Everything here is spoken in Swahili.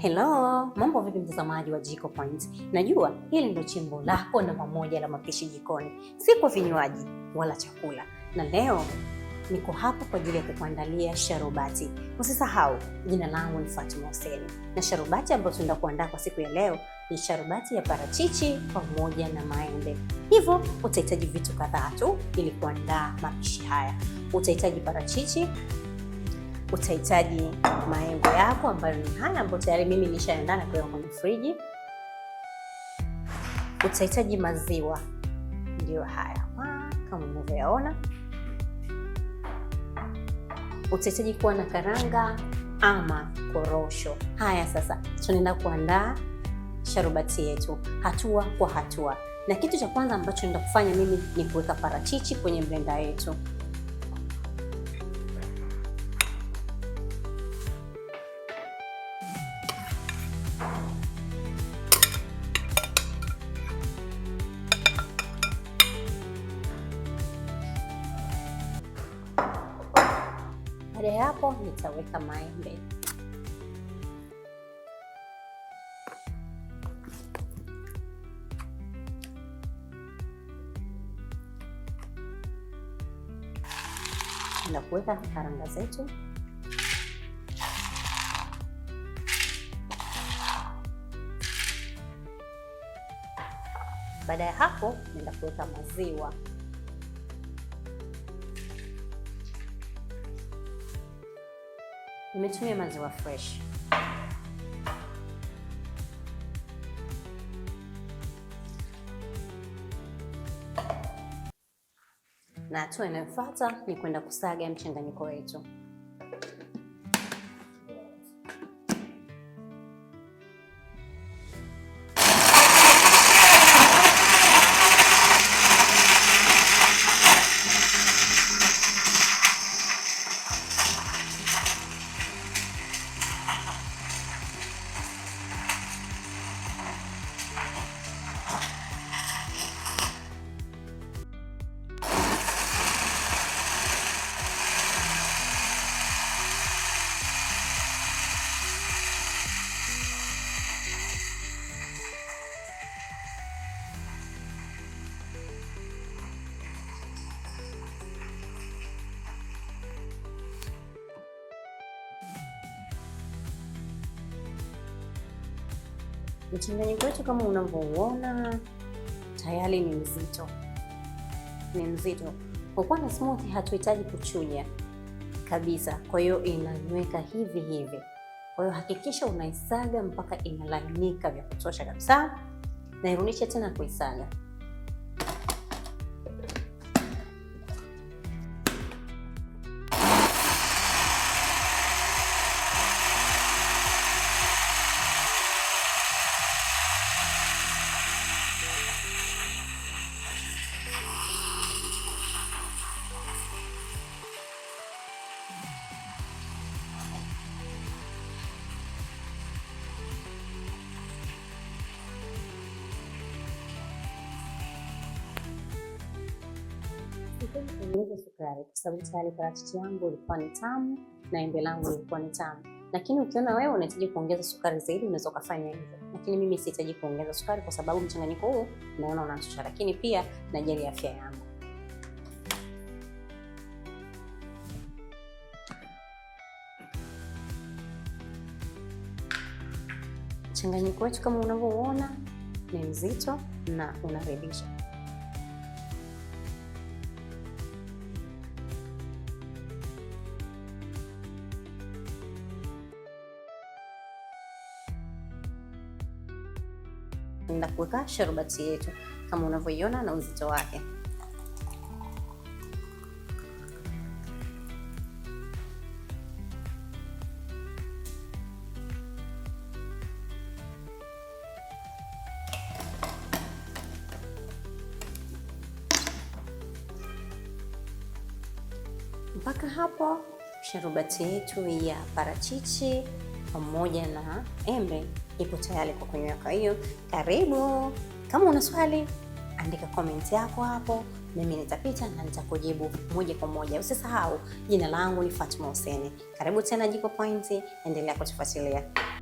Hello, mambo vipi mtazamaji wa Jiko Point? Najua hili ndio chimbo lako namba moja la mapishi jikoni, si kwa vinywaji wala chakula, na leo niko hapa kwa ajili ya kukuandalia sharubati. Usisahau, jina langu ni Fatuma Hussein, na sharubati ambayo tunaenda kuandaa kwa siku ya leo ni sharubati ya parachichi pamoja na maembe. Hivyo utahitaji vitu kadhaa tu ili kuandaa mapishi haya. Utahitaji parachichi utahitaji maembe yako ambayo ni haya ambayo tayari mimi nishaandaa na kuweka kwenye friji. Utahitaji maziwa, ndiyo haya kama unavyoyaona. Utahitaji kuwa na karanga ama korosho. Haya, sasa tunaenda kuandaa sharubati yetu hatua kwa hatua, na kitu cha kwanza ambacho nenda kufanya mimi ni kuweka parachichi kwenye blender yetu. Baada ya hapo nitaweka maembe. na kuweka karanga zetu Baada ya hapo nenda kuweka maziwa. nimetumia maziwa fresh. Na hatua inayofuata ni kwenda kusaga mchanganyiko wetu. Mchanganyiko wetu kama unavyouona tayari ni mzito, ni mzito. Kwa kuwa na smoothie hatuhitaji kuchuja kabisa, kwa hiyo inanyweka hivi hivi. Kwa hiyo hakikisha unaisaga mpaka inalainika vya kutosha kabisa, irudishe tena kuisaga. niongeze sukari, kwa sababu tayari parachichi yangu ilikuwa ni tamu na embe langu lilikuwa ni tamu. Lakini ukiona wewe unahitaji kuongeza sukari zaidi, unaweza ukafanya hivyo, lakini mimi sihitaji kuongeza sukari kwa sababu mchanganyiko huu naona unatosha, lakini pia najali afya yangu. Mchanganyiko wetu kama unavyoona ni mzito na unaridhisha. na kuweka sharubati yetu kama unavyoiona na uzito wake. Mpaka hapo sharubati yetu ya parachichi pamoja na embe ipo tayari kwa kunywa. Kwa hiyo karibu. Kama una swali, andika komenti yako hapo, mimi nitapita na nitakujibu moja kwa moja. Usisahau, jina langu ni Fatuma Huseni. Karibu tena Jiko Point, endelea kutufuatilia.